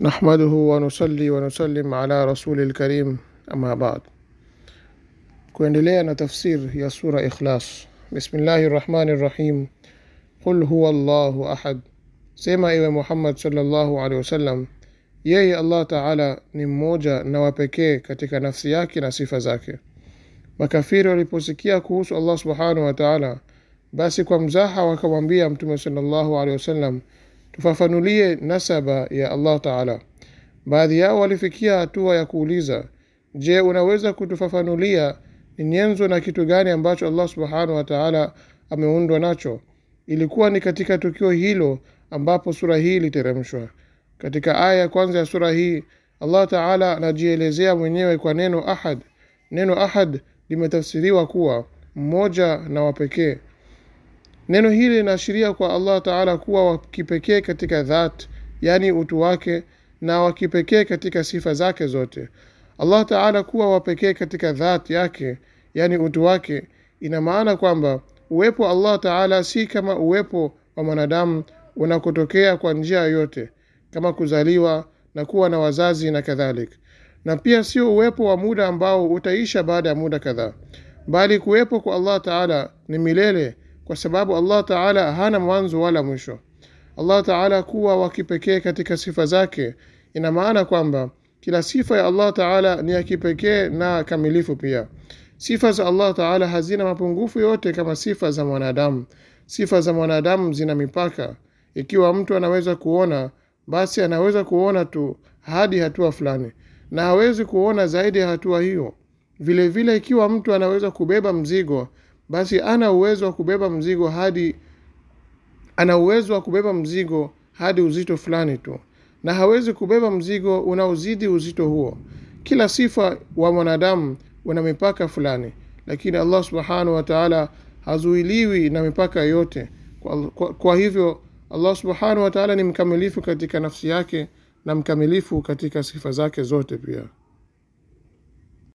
Nahmaduhu wa nusalli ala rasulil karim, amma ba'd. Kuendelea na tafsir ya sura Ikhlas. Bismillahi rahmani rahim. Qul huwa llahu ahad, sema iwe Muhammad sallallahu alaihi wasallam, yeye Allah taala ni mmoja na wapekee katika nafsi yake na sifa zake. Makafiri waliposikia kuhusu Allah subhanahu wa taala, basi kwa mzaha wakamwambia Mtume sallallahu alaihi wasallam tufafanulie nasaba ya Allah Taala. Baadhi yao walifikia hatua ya kuuliza, je, unaweza kutufafanulia ni nyenzo na kitu gani ambacho Allah subhanahu wa taala ameundwa nacho? Ilikuwa ni katika tukio hilo ambapo sura hii iliteremshwa. Katika aya ya kwanza ya sura hii Allah taala anajielezea mwenyewe kwa neno ahad. Neno ahad limetafsiriwa kuwa mmoja na wa pekee. Neno hili linaashiria kwa Allah Taala kuwa wa kipekee katika dhat, yani utu wake, na wa kipekee katika sifa zake zote. Allah Taala kuwa wa pekee katika dhat yake, yani utu wake, ina maana kwamba uwepo wa Allah Taala si kama uwepo wa mwanadamu unakotokea kwa njia yoyote, kama kuzaliwa na kuwa na wazazi na kadhalika, na pia sio uwepo wa muda ambao utaisha baada ya muda kadhaa, bali kuwepo kwa Allah Taala ni milele kwa sababu Allah Taala hana mwanzo wala mwisho. Allah Taala kuwa wa kipekee katika sifa zake ina maana kwamba kila sifa ya Allah Taala ni ya kipekee na kamilifu pia. Sifa za Allah Taala hazina mapungufu yote kama sifa za mwanadamu. Sifa za mwanadamu zina mipaka. Ikiwa mtu anaweza kuona, basi anaweza kuona tu hadi hatua fulani, na hawezi kuona zaidi ya hatua hiyo. Vilevile vile, ikiwa mtu anaweza kubeba mzigo basi ana uwezo wa kubeba mzigo hadi ana uwezo wa kubeba mzigo hadi uzito fulani tu na hawezi kubeba mzigo unaozidi uzito huo kila sifa wa mwanadamu una mipaka fulani lakini allah subhanahu wataala hazuiliwi na mipaka yote kwa, kwa, kwa hivyo allah subhanahu wataala ni mkamilifu katika nafsi yake na mkamilifu katika sifa zake zote pia